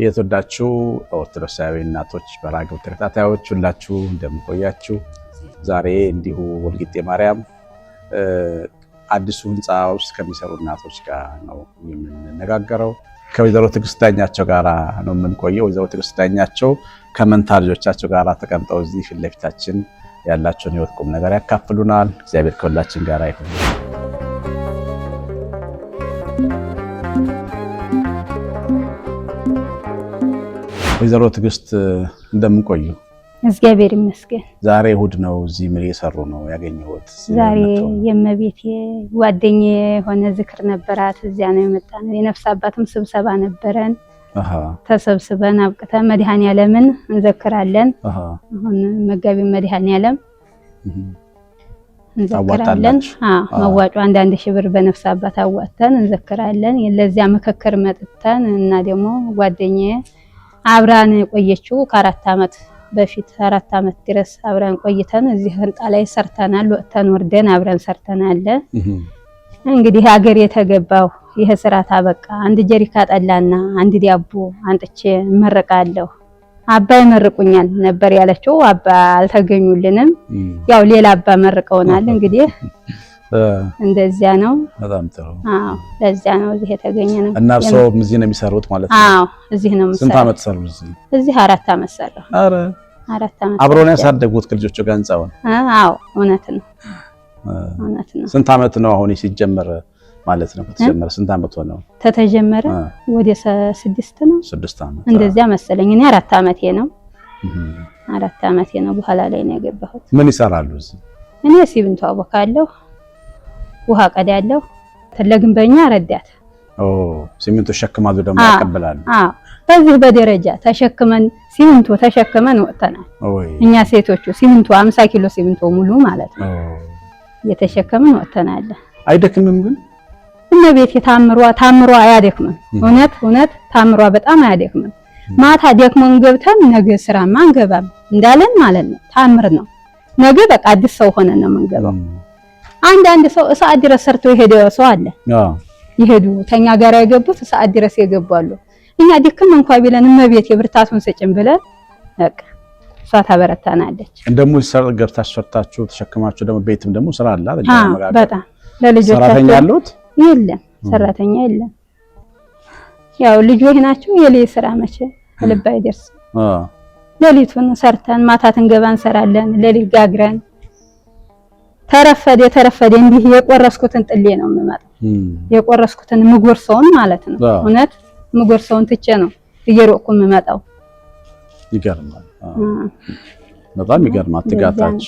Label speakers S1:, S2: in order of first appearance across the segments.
S1: የተወዳችሁ ኦርቶዶክሳዊ እናቶች በራግብ ተከታታዮች ሁላችሁ እንደምንቆያችሁ፣ ዛሬ እንዲሁ ወልጊጤ ማርያም አዲሱ ህንፃ ውስጥ ከሚሰሩ እናቶች ጋር ነው የምንነጋገረው። ከወይዘሮ ትዕግስት ዳኛቸው ጋር ነው የምንቆየው። ወይዘሮ ትዕግስት ዳኛቸው ከመንታ ልጆቻቸው ጋር ተቀምጠው እዚህ ፊት ለፊታችን ያላቸውን ህይወት ቁም ነገር ያካፍሉናል። እግዚአብሔር ከሁላችን ጋር ይሁን። ወይዘሮ ትዕግስት እንደምንቆዩ
S2: እግዚአብሔር ይመስገን።
S1: ዛሬ እሑድ ነው። እዚህ ምን እየሰሩ ነው ያገኘሁት?
S2: ዛሬ የእመቤቴ ጓደኛ የሆነ ዝክር ነበራት። እዚያ ነው የመጣ ነው። የነፍስ አባትም ስብሰባ ነበረን። ተሰብስበን አብቅተን መድኃኔዓለምን እንዘክራለን። አሁን መጋቢ መድኃኔዓለም
S1: እንዘክራለን።
S2: መዋጮ አንዳንድ ሺህ ብር በነፍስ አባት አዋጥተን እንዘክራለን። ለዚያ ምክክር መጥተን እና ደግሞ ጓደኛዬ አብራን የቆየችው ከአራት አመት በፊት አራት ዓመት ድረስ አብረን ቆይተን እዚህ ህንጣ ላይ ሰርተናል። ወጥተን ወርደን አብረን ሰርተናል። እንግዲህ ሀገር የተገባው ይህ ስራ አበቃ። አንድ ጀሪካ ጠላና አንድ ዳቦ አንጥቼ እመርቃለሁ አባ ይመርቁኛል ነበር ያለችው። አባ አልተገኙልንም። ያው ሌላ አባ መርቀውናል እንግዲህ እንደዚያ ነው። በጣም ጥሩ። አዎ፣ ለዚያ ነው እዚህ የተገኘ ነው።
S1: እና እርስዎም እዚህ ነው የሚሰሩት ማለት
S2: ነው? አዎ፣ እዚህ ነው የምሰራው።
S1: ስንት ዓመት ሰሩ እዚህ?
S2: እዚህ አራት ዓመት ሰራሁ። ኧረ አራት ዓመት።
S1: አብሮ ነው ያሳደጉት ከልጆቹ ጋር ህንጻውን?
S2: አዎ፣ እውነት ነው፣
S1: እውነት ነው። ስንት ዓመት ነው አሁን ሲጀመር ማለት ነው? ከተጀመረ ስንት ዓመት ሆነው?
S2: ተተጀመረ ወደ ስድስት ነው፣ ስድስት አመት እንደዚያ መሰለኝ። እኔ አራት ዓመቴ ነው፣ አራት ዓመቴ ነው። በኋላ ላይ ነው የገባሁት።
S1: ምን ይሰራሉ እዚህ?
S2: እኔ ሲብንቶ አቦካለሁ ውሃ ያለው ለግንበኛ ረዳት
S1: ሲሚንቶ ሸክማሉ ደግሞ ያቀብላሉ።
S2: በዚህ በደረጃ ተሸክመን ሲሚንቶ ተሸክመን ወጥተናል። እኛ ሴቶቹ ሲሚንቶ 50 ኪሎ ሲሚንቶ ሙሉ ማለት ነው እየተሸከምን ወጥተናል።
S1: አይደክምም ግን
S2: ቤት ታምሯ ታምሯ አያደክምም። እውነት እውነት ታምሯ በጣም አያደክምም። ማታ ደክመን ገብተን ነገ ስራማ አንገባም እንዳለን ማለት ነው። ታምር ነው። ነገ በቃ አዲስ ሰው ሆነን ነው የምንገባው። አንዳንድ ሰው ሰዓት ድረስ ሰርቶ የሄደ ሰው አለ። ይሄዱ ተኛ ጋር የገቡት ሰዓት ድረስ ይገባሉ። እኛ ድክም እንኳ ቢለን እመቤት የብርታቱን ስጭን ብለን በቃ እሷ ታበረታናለች።
S1: እንደሞ ሰር ገብታ ሰርታችሁ ተሸክማችሁ ደግሞ ቤትም ደግሞ ስራ አለ
S2: አይደል? በጣም
S1: ለልጆች ሰራተኛ አሉት
S2: የለም፣ ሰራተኛ የለም። ያው ልጆች ናቸው። የሌሊት ስራ መቼ ልብ አይደርስም። ሌሊቱን ሰርተን ማታ እንገባ እንሰራለን። ሌሊት ጋግረን ተረፈደ ተረፈደ እንዲህ የቆረስኩትን ጥሌ ነው የምመጣው። የቆረስኩትን ምጎርሰውን ማለት ነው። እውነት ምጎርሰውን ትቼ ነው እየሮቅኩ የምመጣው።
S1: ይገርማል፣ በጣም ይገርማል። ትጋታች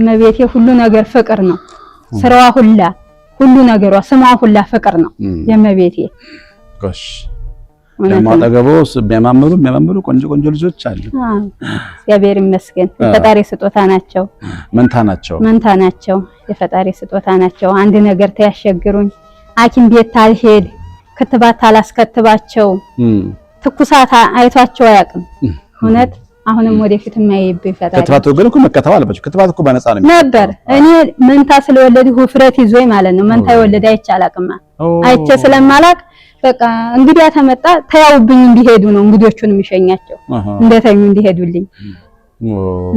S2: እመቤቴ ሁሉ ነገር ፍቅር ነው። ስራዋ ሁላ ሁሉ ነገሯ ስሟ ሁላ ፍቅር ነው የእመቤቴ።
S1: ጎሽ ደግሞ አጠገቡ የሚያማምሩ የሚያማምሩ ቆንጆ ቆንጆ ልጆች አሉ።
S2: እግዚአብሔር ይመስገን። የፈጣሪ ስጦታ ናቸው። መንታ ናቸው። መንታ ናቸው። የፈጣሪ ስጦታ ናቸው። አንድ ነገር ተያሸግሩኝ፣ ሐኪም ቤት ታልሄድ፣ ክትባት አላስከትባቸው ትኩሳት አይቷቸው አያውቅም እውነት አሁንም ወደፊት የማይብ ይፈታል።
S1: ክትባት ወገን እኮ መከተብ አለባቸው። ክትባት እኮ በነፃ ነው
S2: ነበር። እኔ መንታ ስለወለድ ውፍረት ይዞኝ ማለት ነው። መንታ የወለደ አይቼ አላቅማ አይቼ ስለማላቅ በቃ እንግዲያ ተመጣ ተያውብኝ እንዲሄዱ ነው እንግዶቹን የሚሸኛቸው እንደተኙ እንዲሄዱልኝ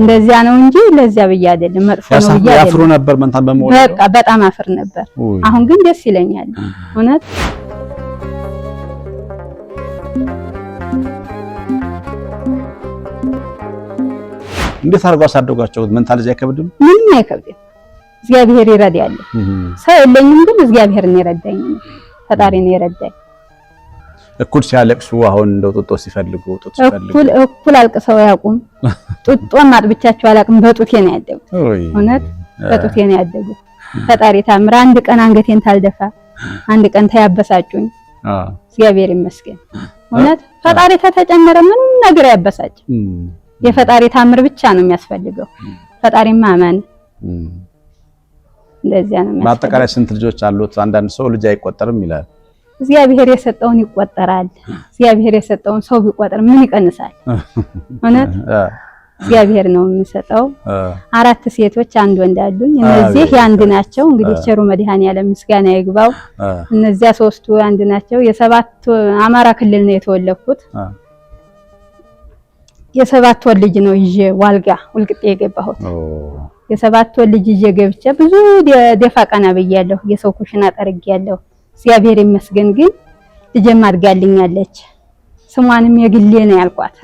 S2: እንደዚያ ነው እንጂ ለዚያ ብዬ አይደለም። መጥፎ ነው ብዬ
S1: ያፍሩ ነበር መንታን በመወለድ
S2: በቃ በጣም አፍር ነበር። አሁን ግን ደስ ይለኛል እውነት
S1: እንዴት አድርጎ አሳደጓቸው? መንታልጅ አይከብድም?
S2: ምንም አይከብድም። እግዚአብሔር ይረዳል። ሰው የለኝም ግን እግዚአብሔር ነው ይረዳኝ፣ ፈጣሪ ነው ይረዳኝ።
S1: እኩል ሲያለቅሱ አሁን እንደው ጡጦ ሲፈልጉ
S2: ጡጦ ሲፈልጉ እኩል እኩል አልቅሰው አያውቁም። ጡጦም አጥብቻቸው አላውቅም። በጡቴ ነው ያደጉት፣ እውነት በጡቴ ነው ያደጉት። ፈጣሪ ታምር። አንድ ቀን አንገቴን ታልደፋ፣ አንድ ቀን ታያበሳጩኝ። እግዚአብሔር ይመስገን። እውነት ፈጣሪ ተተጨመረ ምን ነገር አያበሳጭም። የፈጣሪ ታምር ብቻ ነው የሚያስፈልገው። ፈጣሪ ማመን እንደዚያ ነው።
S1: በአጠቃላይ ስንት ልጆች አሉት? አንዳንድ ሰው ልጅ አይቆጠርም ይላል።
S2: እግዚአብሔር የሰጠውን ይቆጠራል። እግዚአብሔር የሰጠውን ሰው ቢቆጠር ምን ይቀንሳል? እውነት እግዚአብሔር ነው የሚሰጠው። አራት ሴቶች አንድ ወንድ አሉኝ። እነዚህ የአንድ ናቸው። እንግዲህ ቸሩ መድኃኔዓለም ምስጋና ይግባው። እነዚያ ሶስቱ አንድ ናቸው። የሰባት አማራ ክልል ነው የተወለድኩት። የሰባት ወር ልጅ ነው ይዤ ዋልጋ ውልቅጤ የገባሁት። የሰባት ወር ልጅ ይዤ ገብቼ ብዙ ደፋ ቀና ብያለሁ። የሰው ኩሽና ጠርግ ያለው እግዚአብሔር ይመስገን ግን ልጄም አድጋልኛለች። ስሟንም የግሌ ነው ያልኳት።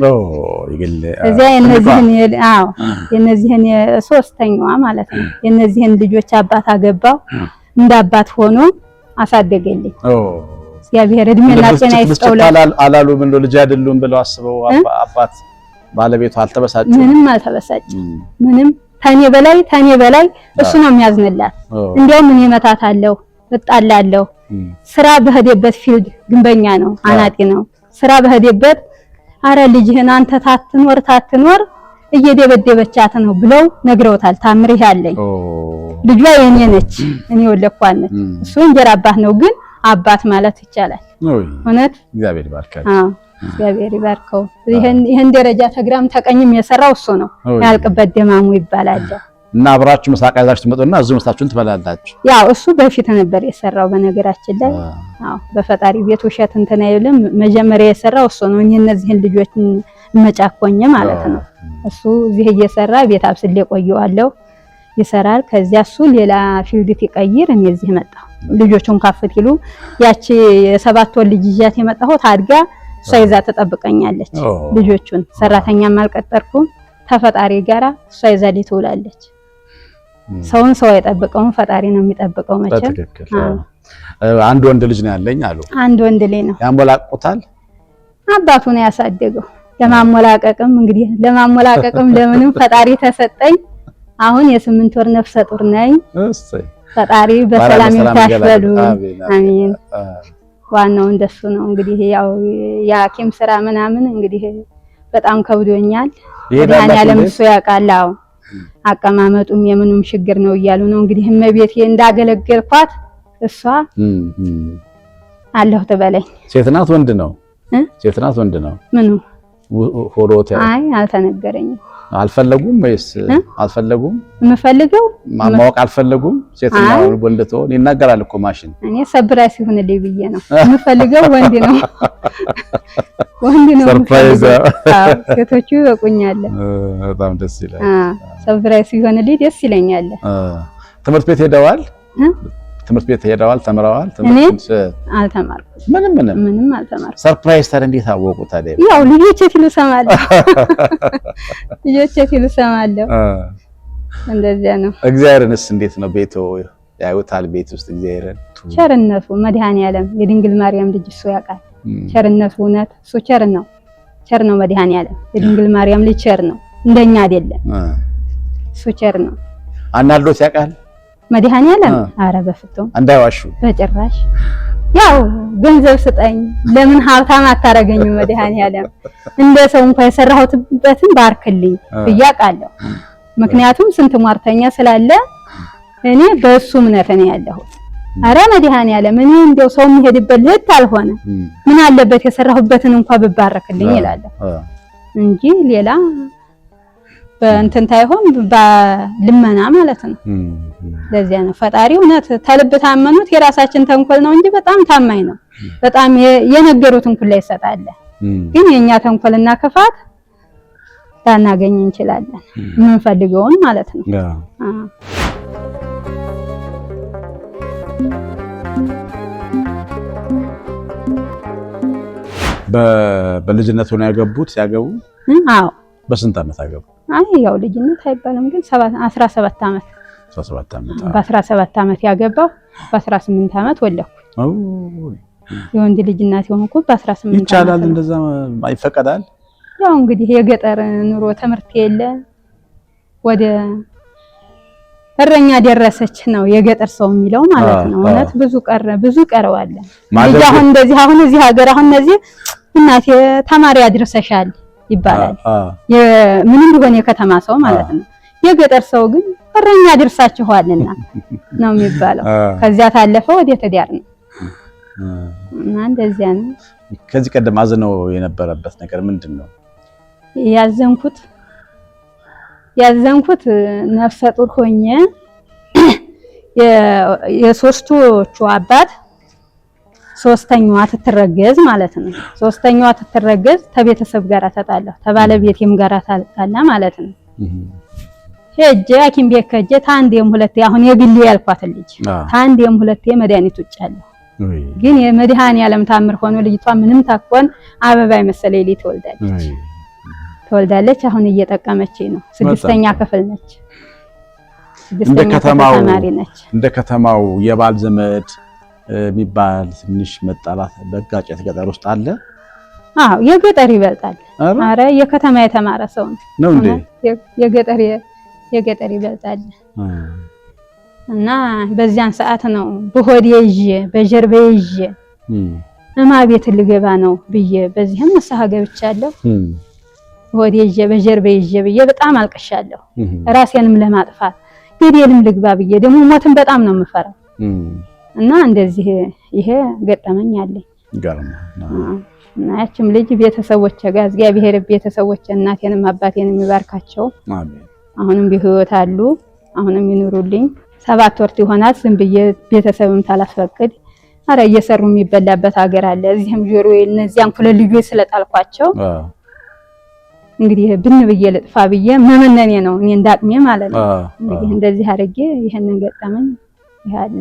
S2: እዚያ የነዚህን ሶስተኛዋ ማለት ነው የነዚህን ልጆች አባት አገባው። እንደ አባት ሆኖ አሳደገልኝ። እግዚአብሔር እድሜና ጤና ይስጠው።
S1: አላሉም ልጅ አይደሉም ብለው አስበው አባት ባለቤቱ አልተበሳጭ
S2: ምንም አልተበሳጭ ምንም ተኔ በላይ ተኔ በላይ እሱ ነው የሚያዝንላት። እንዲያውም እኔ እመታታለሁ፣ እጣላለሁ። ስራ በህደበት ፊልድ ግንበኛ ነው፣ አናጤ ነው። ስራ በህደበት አረ ልጅህን አንተ ታትኖር ታትኖር እየደበደበቻት ነው ብለው ነግረውታል። ታምር ያለኝ ልጇ የኔ ነች፣ እኔ ወለኳት ነች። እሱ እንጀራ አባት ነው፣ ግን አባት ማለት ይቻላል እውነት እግዚአብሔር እግዚአብሔር ይባርከው። ይህን ደረጃ ተግራም ተቀኝም የሰራው እሱ ነው። ያልቅበት ደማሙ ይባላል።
S1: እና አብራችሁ ምሳቃ ይዛችሁ ትመጡና እዚሁ መስታችሁን ትበላላችሁ።
S2: ያው እሱ በፊት ነበር የሰራው። በነገራችን ላይ አዎ፣ በፈጣሪ ቤት ውሸት እንትን አይልም። መጀመሪያ የሰራው እሱ ነው። እኔ እነዚህን ልጆች መጫኮኝ ማለት ነው። እሱ እዚህ እየሰራ ቤት አብስሌ ቆየዋለሁ ይሰራል። ከዚያ እሱ ሌላ ፊልድ ይቀይር፣ እኔ እዚህ መጣሁ። ልጆቹን ካፍት ይሉ ያቺ የሰባት ወር ልጅ ይዣት የመጣሁት አድጋ እሷ ይዛ ተጠብቀኛለች። ልጆቹን ሰራተኛም አልቀጠርኩም ከፈጣሪ ጋራ እሷ ይዛ ትውላለች። ሰውን ሰው አይጠብቀውም፣ ፈጣሪ ነው የሚጠብቀው።
S1: መቼም አንድ ወንድ ልጅ ነው ያለኝ አሉ።
S2: አንድ ወንድ ልጅ ነው
S1: ያሞላቁታል።
S2: አባቱ ነው ያሳደገው። ለማሞላቀቅም እንግዲህ ለማሞላቀቅም ለምንም ፈጣሪ ተሰጠኝ። አሁን የስምንት ወር ነፍሰ ጡር ነኝ። ፈጣሪ በሰላም ይታሽ አሜን ዋናው እንደሱ ነው። እንግዲህ ያው የሐኪም ስራ ምናምን እንግዲህ በጣም ከብዶኛል። ያን ያለም እሱ ያውቃል። አዎ አቀማመጡም የምኑም ችግር ነው እያሉ ነው እንግዲህ እመቤቴ እንዳገለገልኳት እሷ አለሁ ትበለኝ።
S1: ሴት ናት ወንድ ነው? ሴት ናት ወንድ ነው? ምኑ ሆዶት?
S2: አይ አልተነገረኝም።
S1: አልፈለጉም ወይስ አልፈለጉም? የምፈልገው ማወቅ አልፈለጉም። ሴትና ወንድ ትሆን ይናገራል እኮ ማሽን።
S2: እኔ ሰብራይስ ይሁንልኝ ብዬ ነው የምፈልገው። ወንድ ነው ወንድ ነው። ሰርፕራይዝ። አዎ ሴቶቹ ይወቁኛል።
S1: በጣም ደስ ይላል።
S2: ሰብራይስ ይሁንልኝ ደስ ይለኛል።
S1: ትምህርት ቤት ሄደዋል ትምህርት ቤት ሄደዋል፣ ተምረዋል። ትምህርት አልተማርኩም፣ ምንም ምንም
S2: ምንም አልተማርኩም።
S1: ሰርፕራይዝ ታዲያ እንዴት አወቁ ታዲያ?
S2: ያው ልጆቼ ሲሉ እሰማለሁ፣ ልጆቼ ሲሉ እሰማለሁ። እንደዚያ ነው።
S1: እግዚአብሔርንስ እንዴት ነው ቤቱ ያዩታል? ቤት ውስጥ እግዚአብሔርን
S2: ቸርነቱ መድኃኔዓለም የድንግል ማርያም ልጅ እሱ ያውቃል ቸርነቱ። እውነት እሱ ቸር ነው፣ ቸር ነው መድኃኔዓለም የድንግል ማርያም ልጅ ቸር ነው፣ እንደኛ አይደለም እሱ ቸር ነው።
S1: አናዶት ያውቃል
S2: መድኃኒዓለም አረ በፍጹም እንዳይዋሹ በጭራሽ። ያው ገንዘብ ስጠኝ ለምን ሀብታም አታረገኝም? መድኃኒዓለም እንደ ሰው እንኳ የሰራሁትበትን ባርክልኝ ብያቃለሁ። ምክንያቱም ስንት ሟርተኛ ስላለ እኔ በሱ እምነት ነው ያለሁት። አረ መድኃኒዓለም እኔ እንደው ሰው የሚሄድበት ልት አልሆነ ምን አለበት የሰራሁበትን እንኳ ብባረክልኝ ይላለሁ እንጂ ሌላ በእንትንታ ይሆን በልመና ማለት ነው። ለዚያ ነው ፈጣሪ እውነት ተልብ ታመኑት የራሳችን ተንኮል ነው እንጂ በጣም ታማኝ ነው። በጣም የነገሩትን ኩላ ይሰጣል። ግን የኛ ተንኮልና ክፋት ላናገኝ እንችላለን የምንፈልገውን ማለት ነው።
S1: በልጅነት ሆነ ያገቡት ያገቡ? አዎ። በስንት ዓመት አገቡ?
S2: አይ ያው ልጅነት አይባልም ግን 17 ዓመት 17 ዓመት በ17 ያገባው በ18 ዓመት ወለኩ የወንድ ልጅ እናት የሆንኩ በ18 ዓመት
S1: ይቻላል። እንደዛ ይፈቀዳል።
S2: ያው እንግዲህ የገጠር ኑሮ ትምህርት የለ ወደ እረኛ ደረሰች ነው የገጠር ሰው የሚለው ማለት ነው። እውነት ብዙ ቀረ ብዙ ቀረዋለን። ልጅ አሁን እንደዚህ አሁን እዚህ ሀገር አሁን እነዚህ እናቴ ተማሪ አድርሰሻል ይባላል። ምንም ቢሆን የከተማ ሰው ማለት ነው። የገጠር ሰው ግን በረኛ ድርሳችኋልና ነው የሚባለው። ከዚያ ታለፈ ወደ ትዳር ነው እና እንደዚያ ነው።
S1: ከዚህ ቀደም አዝነው የነበረበት ነገር ምንድን ነው?
S2: ያዘንኩት ያዘንኩት ነፍሰ ጡር ሆኜ የሶስቶቹ አባት ሶስተኛዋ ትትረገዝ ማለት ነው። ሶስተኛዋ ትትረገዝ ተቤተሰብ ጋር ተጣላሁ ተባለቤቴም ጋር ተጣላ ማለት ነው። ሄጄ ሐኪም ቤት ከሄጄ ታንዴም ሁለቴ አሁን የግሌ ያልኳትን ልጅ ታንዴም ሁለቴ መድኃኒት አለ ግን የመድኃኔዓለም ታምር ሆኖ ልጅቷ ምንም ታኮን አበባ የመሰለ ሌሊ ትወልዳለች ትወልዳለች። አሁን እየጠቀመች ነው። ስድስተኛ ክፍል ነች።
S1: እንደ ከተማው እንደ ከተማው የባል ዘመድ የሚባል ትንሽ መጣላት መጋጨት ገጠር ውስጥ አለ።
S2: አዎ የገጠር ይበልጣል። አረ የከተማ የተማረ ሰው ነው እንዴ? የገጠር የገጠር ይበልጣል። እና በዚያን ሰዓት ነው በሆዴ ይዤ በጀርቤ ይዤ እማ ቤት ልገባ ነው ብዬ በዚህም ንስሐ ገብቻለሁ። በሆዴ ይዤ በጀርቤ ይዤ ብዬ በጣም አልቅሻለሁ። ራሴንም ለማጥፋት ግዴልም ልግባ ብዬ ደግሞ ሞትን በጣም ነው የምፈራው። እና እንደዚህ ይሄ ገጠመኝ አለኝ። እና ያችም ልጅ ቤተሰቦች ጋር እግዚአብሔር ቤተሰቦቼ እናቴንም አባቴንም ይባርካቸው። አሁንም በህይወት አሉ። አሁንም ይኑሩልኝ። ሰባት ወርት ይሆናል። ዝም ብዬ ቤተሰብም ታላስፈቅድ አረ እየሰሩ የሚበላበት ሀገር አለ። እዚህም ጆሮ እነዚያን ኩለ ልጆች ስለጣልኳቸው እንግዲህ ብን ብዬ ልጥፋ ብዬ መመነኔ ነው እኔ እንዳቅሜ ማለት ነው። እንግዲህ እንደዚህ አድርጌ ይሄንን ገጠመኝ ይሄ አለ።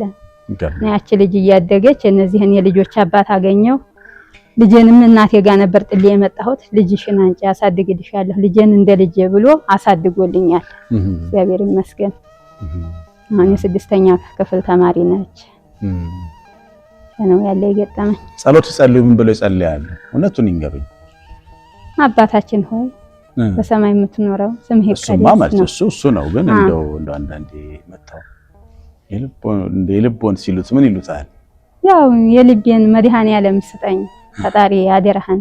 S2: ያቺ ልጅ እያደገች እነዚህን የልጆች አባት አገኘው። ልጄንም እናቴ ጋር ነበር ጥሌ የመጣሁት። ልጅሽን አንቺ አሳድግልሻለሁ፣ ልጄን እንደ ልጄ ብሎ አሳድጎልኛል። እግዚአብሔር ይመስገን። አሁን የስድስተኛ ክፍል ተማሪ ነች። ነው ያለ የገጠመኝ
S1: ጸሎት ጸልዩም ብሎ ይጸልያል። እውነቱን ይንገሩኝ
S2: አባታችን ሆይ በሰማይ የምትኖረው ስምህ
S1: ይቀደስ ነው። እሱ ነው ግን እንደው እንደ አንዳንዴ መጣው የልቦን ሲሉት ምን ይሉታል?
S2: ያው የልቤን መድኃኔዓለም ስጠኝ ፈጣሪ አደራህን፣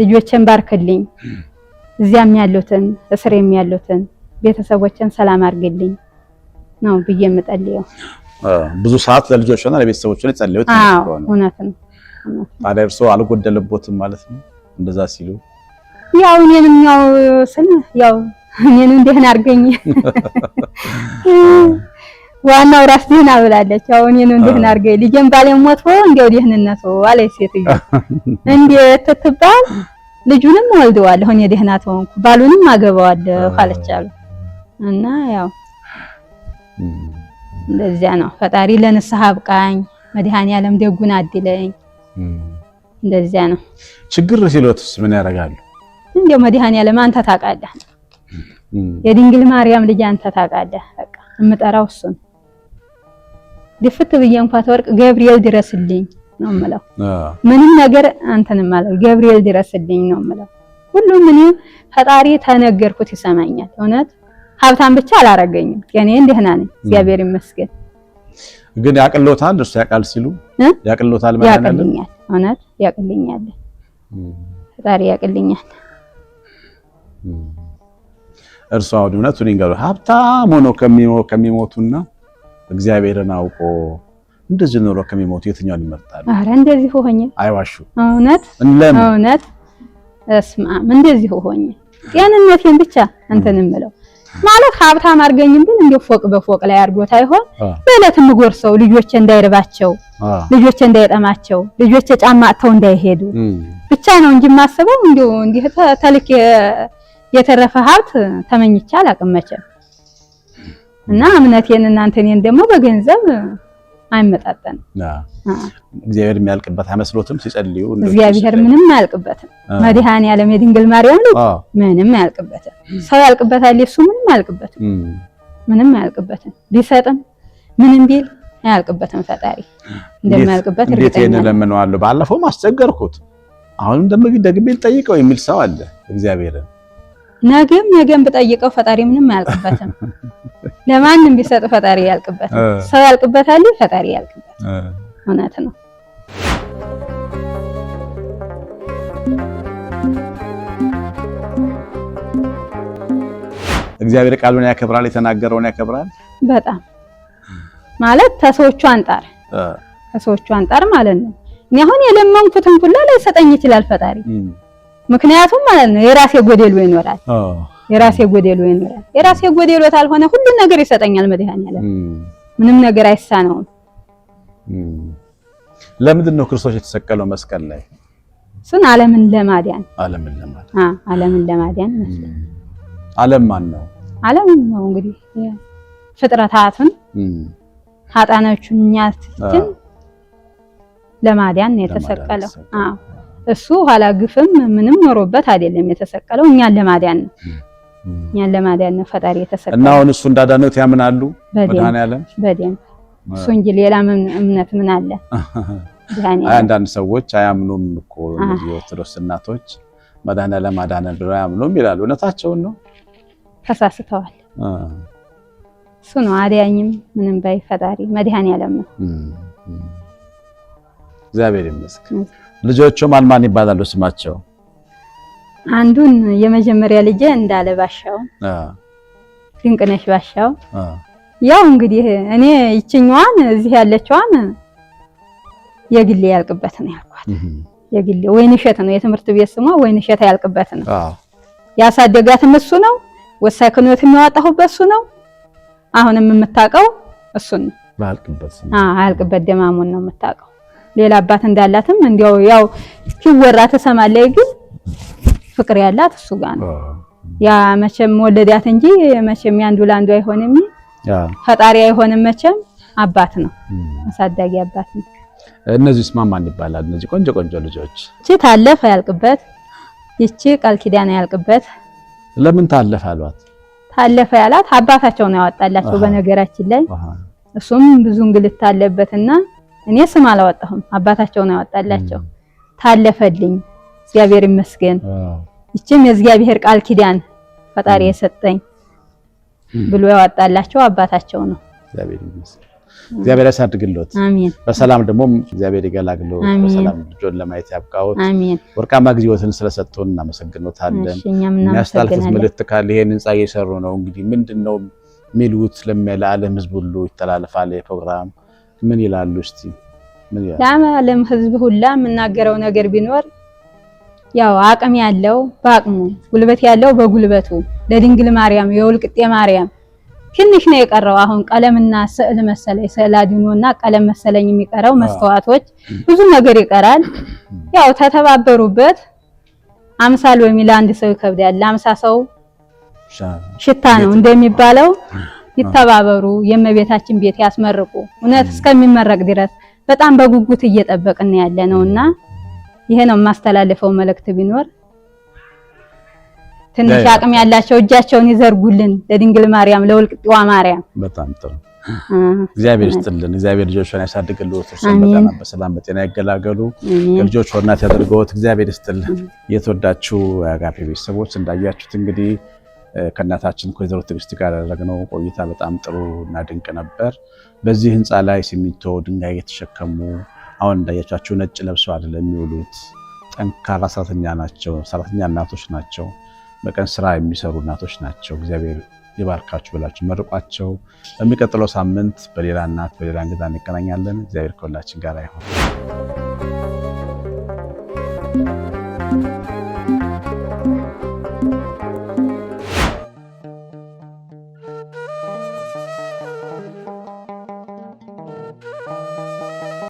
S2: ልጆችን ባርክልኝ፣ እዚያም ያሉትን እስሬም ያሉትን ቤተሰቦችን ሰላም አድርግልኝ ነው ብዬ የምጠልየው።
S1: ብዙ ሰዓት ለልጆች ሆነ ለቤተሰቦች ሆነ ጸልዩት።
S2: አዎ እውነት ነው።
S1: ታዲያ እርስዎ አልጎደለቦትም ማለት ነው እንደዛ ሲሉ?
S2: ያው እኔንም ያው ስል ያው እኔንም ደህና አድርገኝ ዋናው ራስ ደህና ብላለች። አሁን የኔን ደህና አድርገኝ ልጄን ባሌን ሞት ሆ እንዲያው ደህንነቱ አለች ሴትዮ እንዴት ትባል ልጁንም ወልደዋለሁ እኔ ደህና ተሆንኩ ባሉንም አገባዋለሁ አለች አሉ እና ያው እንደዚያ ነው። ፈጣሪ ለንስሐ አብቃኝ፣ መድኃኔዓለም ደጉን አድለኝ። እንደዚያ ነው።
S1: ችግር ሲሎትስ ምን ያደርጋሉ?
S2: እንዲያው መድኃኔዓለም አንተ ታውቃለህ፣ የድንግል ማርያም ልጅ አንተ ታውቃለህ። በቃ የምጠራው እሱ ነው። ድፍት ብዬ እንኳ ተወርቅ ገብርኤል ድረስልኝ ነው የምለው። ምንም ነገር አንተን ማለት ገብርኤል ድረስልኝ ነው የምለው። ሁሉም እኔ ፈጣሪ ተነገርኩት ይሰማኛል። እውነት ሀብታም ብቻ አላረገኝም። ጤኔን ደህና ነኝ፣ እግዚአብሔር ይመስገን።
S1: ግን ያቅሎታል፣ እሱ ያውቃል ሲሉ ያቅሎታል፣
S2: ያቅልኛል። እውነት ያቅልኛል፣ ፈጣሪ ያቅልኛል።
S1: እርሷ ወደ እውነት ሀብታም ሆኖ ከሚሞቱና እግዚአብሔርን አውቆ እንደዚህ ኖሮ ከሚሞቱ የትኛውን ይመርጣል?
S2: አረ እንደዚህ ሆኜ አይዋሹ። እውነት እውነት እስማ እንደዚህ ሆኜ ጤንነቴን ብቻ እንትን እምለው ማለት ሀብታም አድርገኝም እንደ ፎቅ በፎቅ ላይ አድርጎት አይሆን በእለት የምጎርሰው ልጆቼ እንዳይርባቸው፣ ልጆቼ እንዳይጠማቸው፣ ልጆቼ ጫማ አጥተው እንዳይሄዱ ብቻ ነው እንጂ የማስበው እንዲሁ እንዲህ ተልክ የተረፈ ሀብት ተመኝቻ አላቅም መቼም እና እምነቴን እናንተ እኔን ደግሞ በገንዘብ አይመጣጠንም።
S1: እግዚአብሔር የሚያልቅበት አይመስሎትም ሲጸልዩ?
S2: እግዚአብሔር ምንም አያልቅበትም። መድኃኔዓለም የድንግል ማርያም ልጅ ምንም አያልቅበትም። ሰው ያልቅበታል፣ የሱ ምንም አያልቅበትም። ምንም አያልቅበትም። ቢሰጥም ምንም ቢል አያልቅበትም። ፈጣሪ እንደማያልቅበት
S1: እርግጠኛ ነኝ። ለምነዋለሁ። ባለፈውም አስቸገርኩት፣ አሁንም ደግሞ ደግሜ ልጠይቀው የሚል ሰው አለ እግዚአብሔርን
S2: ነገም ነገም ብጠይቀው ፈጣሪ ምንም አያልቅበትም። ለማንም ቢሰጥ ፈጣሪ ያልቅበትም። ሰው ያልቅበታል፣ ፈጣሪ ያልቅበት። እውነት ነው።
S1: እግዚአብሔር ቃሉን ያከብራል፣ የተናገረውን ያከብራል።
S2: በጣም ማለት ከሰዎቹ አንጣር ከሰዎቹ አንጣር ማለት ነው። እኔ አሁን የለመንኩትን ሁላ ላይሰጠኝ ይችላል ፈጣሪ ምክንያቱም ማለት ነው የራሴ ጎደሎ ይኖራል። የራሴ ጎደሎ ይኖራል። የራሴ ጎደሎ ታልሆነ ሁሉን ነገር ይሰጠኛል መድኃኒዓለም። ምንም ነገር አይሳነውም።
S1: ለምንድን ነው ክርስቶስ የተሰቀለው መስቀል ላይ?
S2: እሱን ዓለምን ለማዳን
S1: ዓለምን ለማዳን
S2: አ ዓለምን ለማዳን ዓለም ማን ነው? ዓለም ነው እንግዲህ ፍጥረታቱን ሀጣኖቹን ትትን ለማዳን ነው የተሰቀለው። አዎ እሱ ኋላ ግፍም ምንም ኖሮበት አይደለም የተሰቀለው፣ እኛን ለማዳን ነው። እኛን ለማዳን ነው ፈጣሪ የተሰቀለው።
S1: እና አሁን እሱ እንዳዳነት ያምናሉ
S2: መድኃኔዓለም በደንብ እሱ እንጂ ሌላ እምነት ምን አለ?
S1: አንዳንድ ሰዎች አያምኑም እኮ እነዚህ ኦርቶዶክስ እናቶች መድኃኔዓለም አዳነን ብለው አያምኑም ይላሉ። እውነታቸውን ነው፣
S2: ተሳስተዋል። እሱ ነው አዳኝም ምንም ባይ ፈጣሪ መድኃኔዓለም ነው።
S1: እግዚአብሔር ይመስገን። ልጆቹ ማን ማን ይባላሉ ስማቸው?
S2: አንዱን የመጀመሪያ ልጄ እንዳለ ባሻው፣ ድንቅነሽ ባሻው። ያው እንግዲህ እኔ ይችኛዋን እዚህ ያለችዋን የግሌ ያልቅበት ነው ያልኳት። የግሌ ወይንሸት ነው የትምህርት ቤት ስሟ፣ ወይንሸት ያልቅበት ነው። ያሳደጋትም እሱ ነው። ወሳኝ ክንወት የሚያወጣሁበት እሱ ነው። አሁንም የምታውቀው እሱን ነው። አያልቅበት ደማሙን ነው የምታውቀው ሌላ አባት እንዳላትም እንዲያው ያው ሲወራ ተሰማለይ። ግን ፍቅር ያላት እሱ ጋር ነው። ያ መቼም ወለዳት እንጂ መቼም ያንዱ ላንዱ አይሆንም፣ ፈጣሪ አይሆንም። መቼም አባት ነው፣ አሳዳጊ አባት ነው።
S1: እነዚህስ ማን ማን ይባላል? እነዚህ ቆንጆ ቆንጆ ልጆች።
S2: እቺ ታለፈ ያልቅበት፣ ይቺ ቃል ኪዳን ያልቅበት።
S1: ለምን ታለፈ አሏት?
S2: ታለፈ ያላት አባታቸው ነው ያወጣላቸው። በነገራችን ላይ እሱም ብዙ እንግልት አለበትና እኔ ስም አላወጣሁም፣ አባታቸው ነው ያወጣላቸው። ታለፈልኝ፣ እግዚአብሔር ይመስገን። ይቺም የእግዚአብሔር ቃል ኪዳን ፈጣሪ የሰጠኝ ብሎ ያወጣላቸው አባታቸው ነው።
S1: እግዚአብሔር ይመስገን። እግዚአብሔር ያሳድግልዎት። አሜን። በሰላም ደግሞ እግዚአብሔር ይገላግሎ። በሰላም ልጆን ለማየት ያብቃዎት። አሜን። ወርቃማ ጊዜዎትን ስለሰጡን እናመሰግኖታለን። የሚያስተላልፉት መልእክት ካለ ይሄን ህንፃ እየሰሩ ነው እንግዲህ ምንድነው የሚሉት ለሚያለ ዓለም ህዝብ ሁሉ ይተላለፋል ፕሮግራም ምን ይላሉ? እስቲ
S2: ለዓለም ህዝብ ሁላ የምናገረው ነገር ቢኖር ያው አቅም ያለው በአቅሙ ጉልበት ያለው በጉልበቱ ለድንግል ማርያም የውልቅጤ ማርያም ትንሽ ነው የቀረው። አሁን ቀለምና ስዕል መሰለኝ ስዕል አድኖና ቀለም መሰለኝ የሚቀረው መስተዋቶች፣ ብዙ ነገር ይቀራል። ያው ተተባበሩበት። አምሳል በሚል አንድ ሰው ይከብዳል። አምሳ ሰው ሽታ ነው እንደሚባለው ይተባበሩ፣ የእመቤታችን ቤት ያስመርቁ። እውነት እስከሚመረቅ ድረስ በጣም በጉጉት እየጠበቅን ያለ ነውና ይሄ ነው የማስተላለፈው መልእክት ቢኖር ትንሽ አቅም ያላቸው እጃቸውን ይዘርጉልን ለድንግል ማርያም ለውልቅጤዋ ማርያም።
S1: በጣም ጥሩ እግዚአብሔር ይስጥልን። እግዚአብሔር ልጆች ሆና ያሳድግልዎት። እርሶን በጤና በሰላም በጤና ያገላገሉ። ልጆች እናት ያደርገዎት። እግዚአብሔር ይስጥልን። የተወዳችሁ አጋፔ ቤተሰቦች እንዳያችሁት እንግዲህ ከእናታችን ከወይዘሮ ትዕግስት ጋር ያደረግነው ቆይታ በጣም ጥሩ እና ድንቅ ነበር። በዚህ ህንፃ ላይ ሲሚንቶ ድንጋይ የተሸከሙ አሁን እንዳያቸቸው ነጭ ለብሰው አይደለም የሚውሉት፣ ጠንካራ ሰራተኛ ናቸው። ሰራተኛ እናቶች ናቸው። በቀን ስራ የሚሰሩ እናቶች ናቸው። እግዚአብሔር ይባርካችሁ ብላችሁ መርቋቸው። በሚቀጥለው ሳምንት በሌላ እናት በሌላ እንግዳ እንገናኛለን። እግዚአብሔር ከሁላችን ጋር ይሆን።